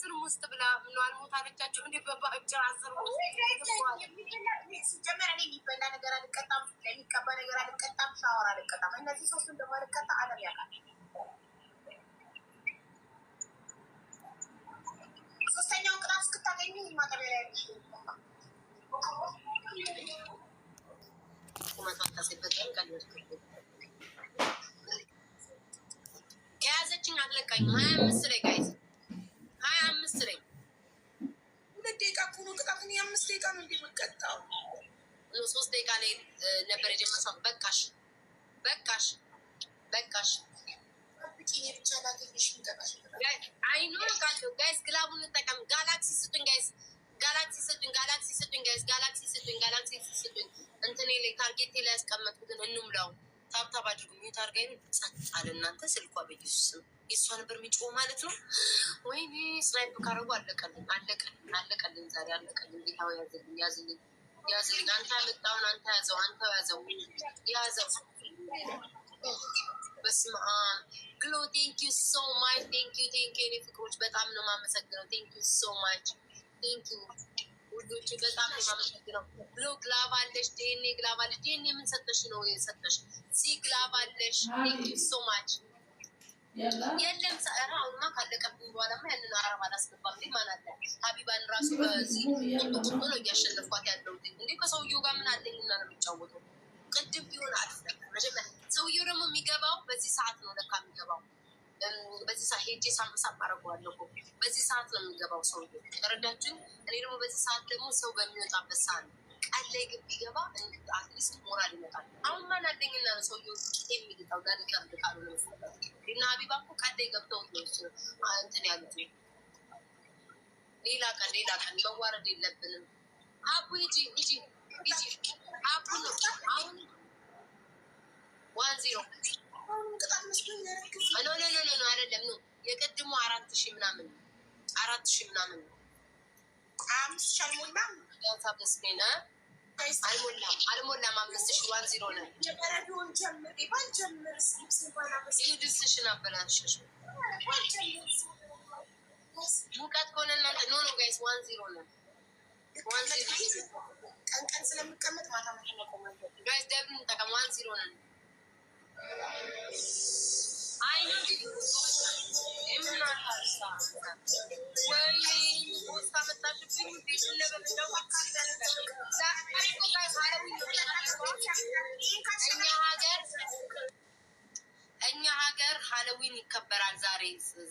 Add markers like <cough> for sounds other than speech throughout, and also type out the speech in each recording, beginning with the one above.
አስር ውስጥ ብላ ምኗን ሞት አለቻቸው። እንዲ በባጭር አስር ሲጀመር እኔ የሚበላ ነገር አልቀጣም፣ የሚቀባ ነገር አልቀጣም፣ ሻወር አልቀጣም። እነዚህ ሶስት ደግሞ አልቀጣ አለም ያውቃል። ሶስተኛውን ቅጣት እስክታገኙ ማጠቢያ ላይ ከያዘችኝ አትለቃኝ ሀያ አምስት ላይ ጋይዝ ጋላክሲ ስጡኝ፣ ጋላክሲ ስጡኝ፣ እንትን ላይ ታርጌቴ ላይ ያስቀመጥኩትን እንሙላው። ታብታብ አድርጉ። ሚዩት አድርጋኝ ጸጥ አለ። እናንተ ስልኳ በኢየሱስ የእሷ ነበር የሚጮህ ማለት ነው። ወይኔ ስናይፕ ካረጉ አለቀልን፣ አለቀልን፣ አለቀልን፣ ዛሬ አለቀልን። ጌታ ያዘልኝ፣ ያዝልኝ፣ ያዝልኝ። አንተ ያመጣውን አንተ ያዘው፣ አንተ ያዘው፣ ያዘው። በስመ አብ ግሎ ቴንክ ዩ ሶ ማች ቴንክ ዩ ቴንክ ዩ። እኔ ፍቅሮች በጣም ነው የማመሰግነው። ቴንክ ዩ ሶ ማች ቴንክ ዩ ውዶች በጣም የማመሰግነው ብሎ ግላብ አለሽ፣ ዲኤንኤ ግላብ አለሽ። ዲኤንኤ ምን ሰጠሽ ነው የሰጠሽ? ሲ ግላብ አለሽ። ዩ ሶ ማች የለም ሰራ ሰራውና ካለቀብኝ በኋላማ ያንን አረብ አላስገባም። ማን አለ ሀቢባን ራሱ በዚህ ቁጥቁ ነው እያሸነፍኳት ያለው እንዴ። ከሰውየው ጋር ምን አለኝና ነው የሚጫወተው? ቅድም ቢሆን አሪፍ ነበር መጀመሪያ። ሰውየው ደግሞ የሚገባው በዚህ ሰዓት በዚህ ሰዓት ሄጄ ሳምሳም አደርገዋለሁ። በዚህ ሰዓት ነው የሚገባው ሰው ረዳችን። እኔ ደግሞ በዚህ ሰዓት ደግሞ ሰው በሚወጣበት ሰዓት ነው ቃል ላይ ግን ቢገባ አትሊስት ሞራል ይመጣል። አሁን ማን አደኝና ነው ሰውየው የሚገጣው ጋር ቀርድ ቃሉ ነው እና ሀቢባ እኮ ቃል ላይ ገብተው እንትን ያሉት ሌላ ቀን ሌላ ቀን መዋረድ የለብንም። አቡ ሂጂ ሂጂ ሂጂ የቀድሞ አራት ሺ ምናምን አራት ሺ ምናምን ነው። አልሞላም አልሞላም አምስት ሺ ዋን ዚሮ ነው። ሙቀት ከሆነ እናንተ ኖ ነው ጋይስ፣ ዋን ዚሮ ነው። ስለምቀመጥ ማታ ጋይስ። ዋን ዚሮ ነን። እኛ ሀገር ሀለዊን ይከበራል። ዛሬ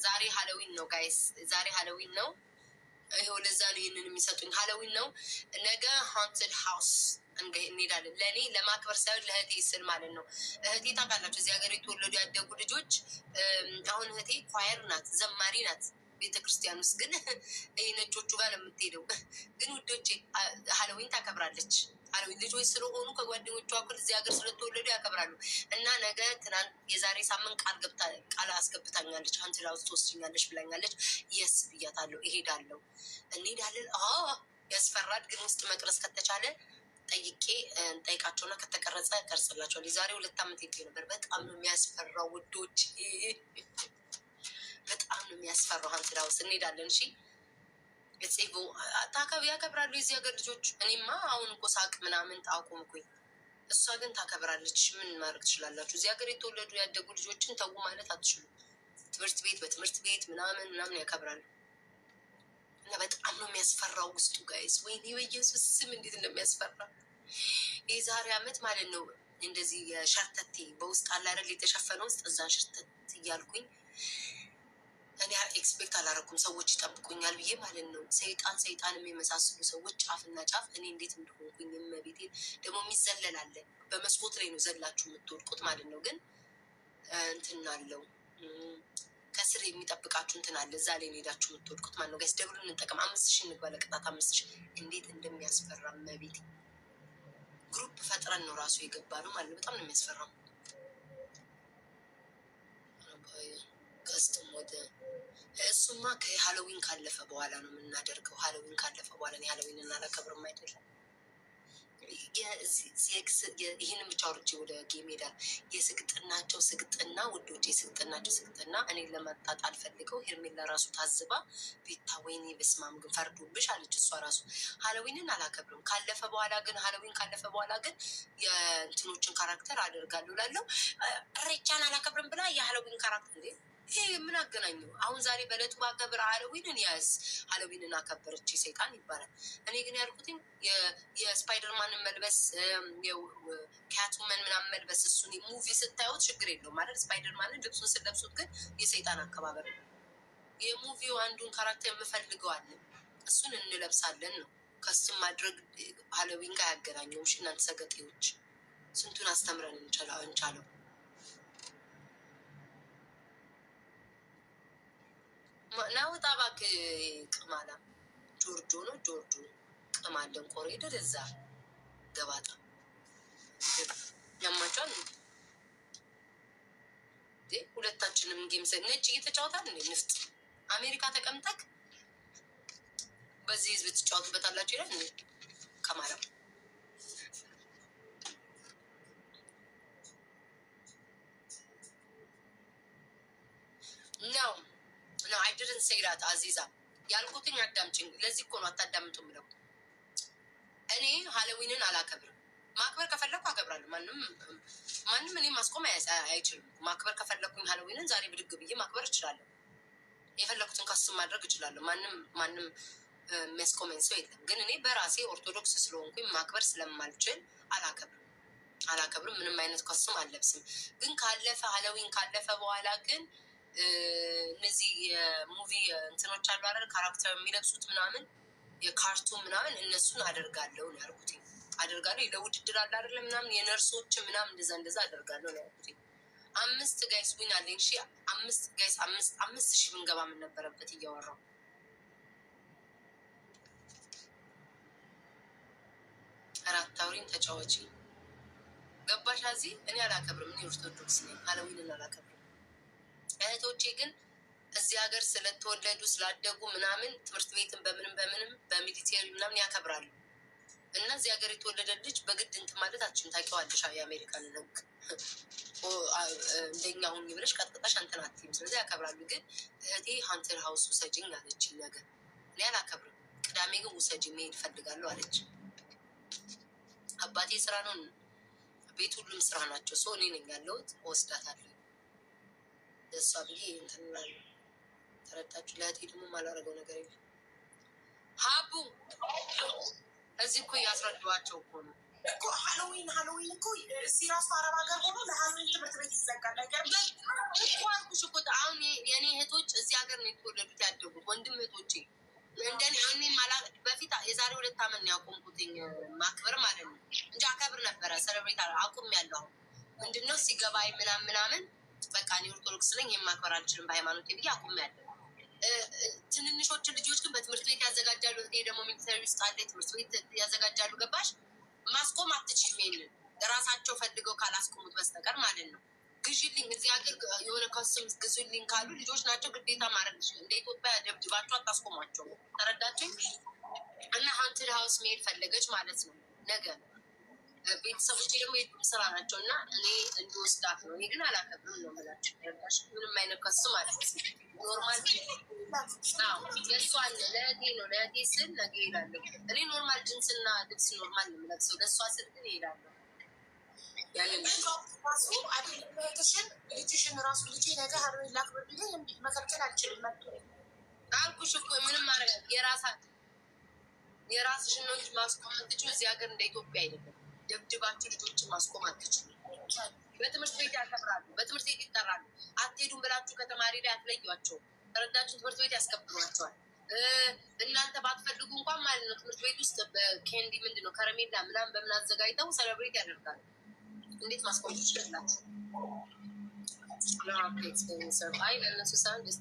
ዛሬ ሀለዊን ነው ጋይስ፣ ዛሬ ሀለዊን ነው። ይሄው ለዛ ነው ይህንን የሚሰጡኝ። ሀለዊን ነው ነገ ሃንትድ ሃውስ እንሄዳለን። ለእኔ ለማክበር ሳይሆን ለእህቴ ስል ማለት ነው። እህቴ ታውቃላችሁ፣ እዚህ ሀገር የተወለዱ ያደጉ ልጆች። አሁን እህቴ ኳየር ናት፣ ዘማሪ ናት። ቤተክርስቲያን ውስጥ ግን <laughs> ይህ ነጮቹ ጋር ነው የምትሄደው። ግን ውዶቼ ሀለዊን ታከብራለች። አለው። ልጆች ስለሆኑ ከጓደኞቿ አኩል እዚህ ሀገር ስለተወለዱ ያከብራሉ እና ነገ ትናንት የዛሬ ሳምንት ቃል ገብታ ቃል አስገብታኛለች። አንድ ላውስ ትወስኛለች ብላኛለች። የስ ብያታለሁ። እሄዳለሁ፣ እንሄዳለን። ያስፈራድ ግን ውስጥ መቅረጽ ከተቻለ ጠይቄ እንጠይቃቸውና ከተቀረጸ ቀርጽላቸዋል። የዛሬ ሁለት ዓመት ሄጄ ነበር። በጣም ነው የሚያስፈራው ውዶች፣ በጣም ነው የሚያስፈራው። ሀንትድ እንሄዳለን። እሺ ጽቦ ታከብ ያከብራሉ የዚህ ሀገር ልጆች። እኔማ አሁን እኮ ሳቅ ምናምን አቆምኩኝ። እሷ ግን ታከብራለች። ምን ማድረግ ትችላላችሁ? እዚህ ሀገር የተወለዱ ያደጉ ልጆችን ተዉ ማለት አትችሉም። ትምህርት ቤት በትምህርት ቤት ምናምን ምናምን ያከብራሉ። እና በጣም ነው የሚያስፈራው ውስጡ ጋይዝ። ወይኔ በኢየሱስ ስም እንዴት እንደሚያስፈራ የዛሬ አመት ማለት ነው እንደዚህ የሸርተቴ በውስጥ አለ አይደል የተሸፈነ ውስጥ እዛን ሸርተት እያልኩኝ እኔ ኤክስፔክት አላረኩም ሰዎች ይጠብቁኛል ብዬ ማለት ነው። ሰይጣን ሰይጣን የመሳሰሉ ሰዎች ጫፍና ጫፍ እኔ እንዴት እንደሆንኩኝ መቤቴ ደግሞ የሚዘለላለ በመስኮት ላይ ነው ዘላችሁ የምትወድቁት ማለት ነው። ግን እንትን አለው ከስር የሚጠብቃችሁ እንትን አለ። እዛ ላይ ሄዳችሁ የምትወድቁት ማለት ነው። ጋይስ ደብሉን እንጠቀም። አምስት ሺ እንግባ ለቅጣት አምስት ሺ እንዴት እንደሚያስፈራ መቤቴ ግሩፕ ፈጥረን ነው ራሱ የገባ ነው ማለት ነው። በጣም ነው የሚያስፈራው። ቀስትም ወደ እሱማ ከሀሎዊን ካለፈ በኋላ ነው የምናደርገው። ሀሎዊን ካለፈ በኋላ ሀሎዊን እናላከብርም አይደለም። ይህንን ብቻ አውርቼ ወደ ጌሜዳ የስግጥናቸው ስግጥና ውዶች፣ የስግጥናቸው ስግጥና እኔ ለመጣጥ አልፈልገው። ሄርሜላ ራሱ ታዝባ ቤታ፣ ወይኔ በስመ ግን ፈርዶብሽ አለች። እሷ ራሱ ሀሎዊንን አላከብርም ካለፈ በኋላ ግን ሀሎዊን ካለፈ በኋላ ግን የእንትኖችን ካራክተር አደርጋለሁ ላለው እሬቻን አላከብርም ብላ የሀሎዊን ካራክተር ይሄ ምን አገናኘው? አሁን ዛሬ በለቱ ባከብር ሀለዊንን ያዝ ሀለዊንን አከበረች ሰይጣን ይባላል። እኔ ግን ያልኩትኝ የስፓይደርማንን መልበስ ካትውመን ምናምን መልበስ እሱን ሙቪ ስታዩት ችግር የለው ማለት ስፓይደርማንን ልብሱን ስለብሱት ግን የሰይጣን አከባበር ነው። የሙቪው አንዱን ካራክተር የምፈልገዋለን እሱን እንለብሳለን ነው ከሱም ማድረግ ሀለዊን ጋር ያገናኘውሽ እናንተ ሰገጤዎች ስንቱን አስተምረን እንቻለው። ናውጣ እባክህ ቅማላ ጆርጆ ነው ጆርጆ ቅማል ደንቆሮ ሄደህ እዛ ገባጣ ያማጫል ሁለታችንም ጌም ነጭ እየተጫወታል እንዴ ንፍጥ አሜሪካ ተቀምጠክ በዚህ ህዝብ ትጫወቱበታላችሁ ይላል እ ከማላ ነው አንቺን ሰይዳት አዚዛ ያልኩትኝ አዳምጪኝ። ለዚህ እኮ ነው አታዳምጡም እኔ ሀለዊንን አላከብርም። ማክበር ከፈለኩ አከብራለሁ። ማንም ማንም እኔ ማስቆም አይችልም። ማክበር ከፈለኩኝ ሀለዊንን ዛሬ ብድግ ብዬ ማክበር እችላለሁ። የፈለኩትን ካስ ማድረግ እችላለሁ። ማንም ማንም የሚያስቆመኝ ሰው የለም። ግን እኔ በራሴ ኦርቶዶክስ ስለሆንኩኝ ማክበር ስለማልችል አላከብርም አላከብርም። ምንም አይነት ኮስም አለብስም ግን ካለፈ ሀለዊን ካለፈ በኋላ ግን እነዚህ የሙቪ እንትኖች አሉ አይደል? ካራክተር የሚለብሱት ምናምን የካርቱን ምናምን እነሱን አደርጋለሁ ነው ያልኩት። አደርጋለሁ ለውድድር አለ አይደለም ምናምን የነርሶች ምናምን እንደዛ እንደዛ አደርጋለሁ ነው ያልኩት። አምስት ጋይስ ዊን አለኝ። ሺ አምስት ጋይስ አምስት አምስት ሺ ብንገባ ምን ነበረበት እያወራው አራት ተጫዋች ገባሽ። አዚ እኔ አላከብርም። እኔ ኦርቶዶክስ ነኝ። ሀለዊንን አላከብርም እህቶቼ ግን እዚህ ሀገር ስለተወለዱ ስላደጉ ምናምን ትምህርት ቤትን በምንም በምንም በሚሊቴሪ ምናምን ያከብራሉ እና እዚህ ሀገር የተወለደ ልጅ በግድ እንትን ማለት አችም ታውቂዋለሽ። የአሜሪካን ህግ እንደኛ ሁኝ ብለሽ ቀጥቅጣሽ አንተን አትይም። ስለዚህ ያከብራሉ። ግን እህቴ ሀንተር ሀውስ ውሰጅኝ አለችኝ። ነገር እኔ አላከብርም። ቅዳሜ ግን ውሰጅኝ መሄድ እፈልጋለሁ አለች። አባቴ ስራ ነው ቤት ሁሉም ስራ ናቸው። ሰው እኔ ነኝ ያለሁት። ወስዳታለሁ ለእሷ ብዬ እንትንላለ ተረዳችሁ። ለእህቴ ደግሞ ማላረገው ነገር የለም። ሀቡ እዚህ እኮ እያስረዳኋቸው እኮ ነው እኮ ሀሎዊን ሀሎዊን እኮ እዚህ ራሱ አረብ ሀገር ሆኖ ለሀሎዊን ትምህርት ቤት ይዘጋል። ነገር እኮ አልኩሽ እኮ አሁን የእኔ እህቶች እዚህ ሀገር ነው የተወለዱት ያደጉት ወንድም እህቶቼ እንደኔ እኔ በፊት የዛሬ ሁለት ዓመት ነው ያቆምኩትኝ ማክበር ማለት ነው እንጂ አከብር ነበረ። ሰለብሬት አቁም ያለው ምንድነው ሲገባይ ምናምን ምናምን በቃ እኔ ኦርቶዶክስ ነኝ የማክበር አልችልም በሃይማኖት ብዬ አቁሜያለሁ። ትንንሾቹ ልጆች ግን በትምህርት ቤት ያዘጋጃሉ። እኔ ደግሞ ሚሊተሪ ውስጥ አለ ትምህርት ቤት ያዘጋጃሉ። ገባሽ? ማስቆም አትችም። ይሄንን ራሳቸው ፈልገው ካላስቆሙት በስተቀር ማለት ነው። ግዥልኝ እዚህ ሀገር የሆነ ከስም ግዙልኝ ካሉ ልጆች ናቸው ግዴታ ማድረግ እንደ ኢትዮጵያ ደብድባቸው አታስቆሟቸው። ተረዳችኝ? እና ሀንትድ ሀውስ መሄድ ፈለገች ማለት ነው ነገ ቤተሰቦች ደግሞ ስራ ናቸው እና እኔ እንዲወስዳት ነው። እኔ ግን አላከብርም ነው ምላቸው ያልሽ ምንም አይነት ከሱ ማለት ኖርማል የእሷን ለእህቴ ነው ለእህቴ ስል ነገ እሄዳለሁ። እኔ ኖርማል ጅንስና ልብስ ኖርማል ነው የምለብሰው። ለእሷ ስል ግን እሄዳለሁ። የራስሽን ነው እንጂ ማስቆመን እዚህ ሀገር እንደ ኢትዮጵያ አይደለም። ደብድባችሁ ልጆችን ማስቆም አትችሉ። በትምህርት ቤት ያከብራሉ፣ በትምህርት ቤት ይጠራሉ። አትሄዱም ብላችሁ ከተማሪ ላይ አትለዩቸውም። ረዳችሁን ትምህርት ቤት ያስከብሯቸዋል። እናንተ ባትፈልጉ እንኳን ማለት ነው ትምህርት ቤት ውስጥ በኬንዲ ምንድን ነው ከረሜላ ምናምን በምን አዘጋጅተው ሰለብሬት ያደርጋል እንዴት ማስቆም ትችላላችሁ? አይ በእነሱ ሳይሆን ደስ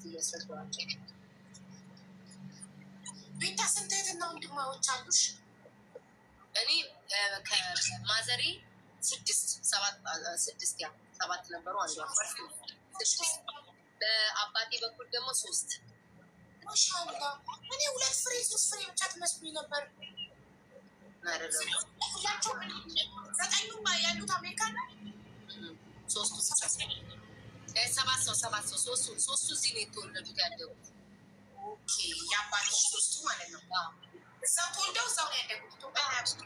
ቤታ ስንት እህትና ወንድማዎች አሉሽ? እኔ ማዘሬ ስድስት ስድስት ያ ሰባት ነበሩ። አንዱ በአባቴ በኩል ደግሞ ሶስት እኔ ሁለት ፍሬ ሶስት ፍሬ ብቻ ትመስሉኝ ነበር። ዘጠኙም እዚህ የተወለዱት ያደጉት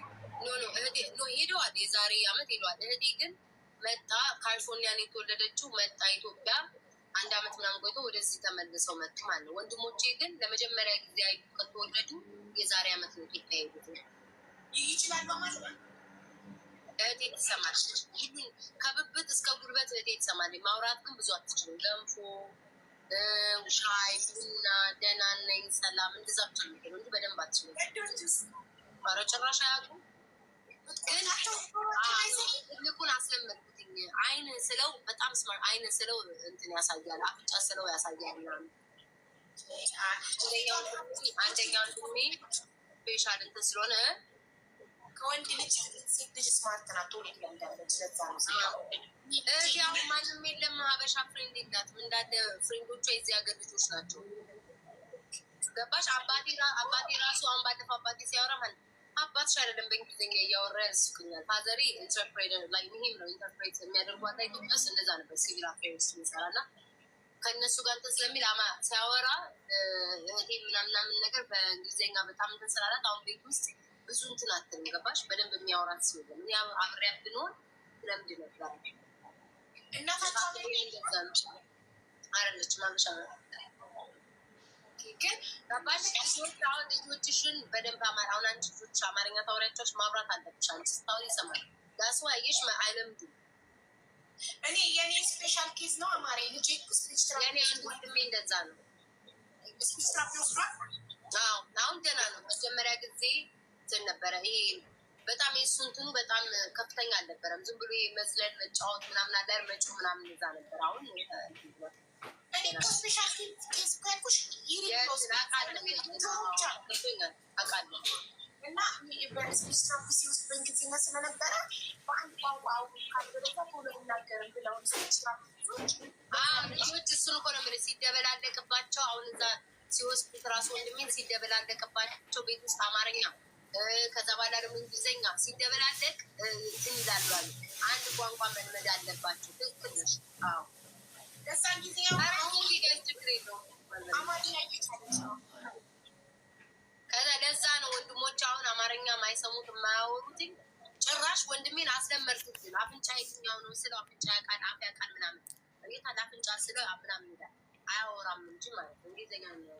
ነው። ኖ ኖ እህቴ ኖ ሄደዋል። የዛሬ አመት ሄደዋል። እህቴ ግን መጣ የተወለደችው መጣ ኢትዮጵያ አንድ አመት ምናምን ቆይቶ ወደዚህ ተመልሰው መጡ ማለት ነው። ወንድሞቼ ግን ለመጀመሪያ ጊዜ አይ ከተወለዱ የዛሬ አመት ነው ኢትዮጵያ ሄዱት። ይችላል እህቴ ትሰማለች። ከብብት እስከ ጉልበት እህቴ ትሰማለች። ማውራት ግን ብዙ አትችልም። ገንፎ ሻይ፣ ቡና፣ ደህና ነኝ፣ ሰላም እንደዛ ብቻ እንጂ በደንብ አትችልም። ኧረ ጭራሽ አያውቁም። ትልቁን አስለመድኩትኝ። አይን ስለው በጣም ስማር አይን ስለው እንትን ያሳያል፣ አፍንጫ ስለው ያሳያል። ምናምን አንደኛው ድሜ ስፔሻል እንትን ስለሆነ ከወንድ ልጅ ሴት ልጅ ስማርት ናት። እዚያው ማንም የለም። ሀበሻ ፍሬንድ የላትም። እንዳለ ፍሬንዶቿ የዚህ ሀገር ልጆች ናቸው። ገባሽ? አባቴ ራሱ አሁን ባለፈው አባቴ ሲያወራ ራስሽ አይደለም በእንግሊዝኛ እያወራ ያስኩኛል። ፋዘሪ ኢንተርፕሬተር ላይ ይህም ነው ኢንተርፕሬት የሚያደርጓት ኢትዮጵያ ውስጥ እንደዛ ነበር። ሲቪል አፌርስ የሚሰራ እና ከእነሱ ጋር እንትን ስለሚል አማ ሲያወራ እህቴ ምናምናምን ነገር በእንግሊዝኛ በጣም እንትን ስላላት አሁን ቤት ውስጥ ብዙ እንትን አትልም። ገባሽ በደንብ የሚያወራት ሲሆን እኔ አብሬያት ብንሆን ለምድ ነበር እናታቸው አረለች ማምሻ ግን ገባሽ ልጆች አሁን ልጆችሽን በደንብ አማር አሁን አንቺ ልጆች አማርኛ ታወሪያቸውች ማብራት አለብሽ። አንቺ ስታወሪ ይሰማል። ያስዋየሽ አይለምዱ እኔ የኔ ስፔሻል ኬዝ ነው አማሪ ልጅ ስኔ ወንድሜ እንደዛ ነው። አሁን ደህና ነው። መጀመሪያ ጊዜ እንትን ነበረ ይሄ በጣም የእሱ እንትኑ በጣም ከፍተኛ አልነበረም። ዝም ብሎ መስለን መጫወት ምናምን አዳር መጮ ምናምን እዛ ነበር። አሁን ልጆች እሱን እኮ ነው ሲደበላለቅባቸው አሁን እዛ ሲወስዱት ራሱ ወንድሜን ሲደበላለቅባቸው ቤት ውስጥ አማርኛ ከዛ በኋላ ደግሞ እንግሊዝኛ ሲደበላለቅ እንትን ይላሉ አሉ። አንድ ቋንቋ መልመድ አለባቸው። ትክክል ነሽ። ደሳ ከዛ ለዛ ነው ወንድሞች አሁን አማርኛ ማይሰሙት የማያወሩት። ጭራሽ ወንድሜን አስለመድኩትን አፍንጫ የትኛው ነው ስለው አፍንጫ ያውቃል አፍ ያውቃል ምናምን ቤታል አፍንጫ ስለው ምናምን ይላል። አያወራም እንጂ ማለት እንግሊዝኛ ነው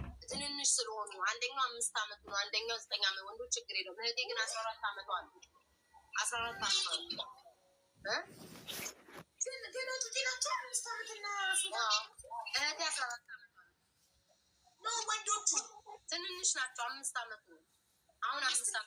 ትንንሽ ስለሆኑ አንደኛው አምስት አመት ነው፣ አንደኛው ዘጠኝ አመት ወንዱ ችግር የለውም። እህቴ ግን አስራ አራት አመቷ አለ አስራ አራት አመቷ አለ ትንንሽ ናቸው፣ አምስት አመት ነው አሁን አምስት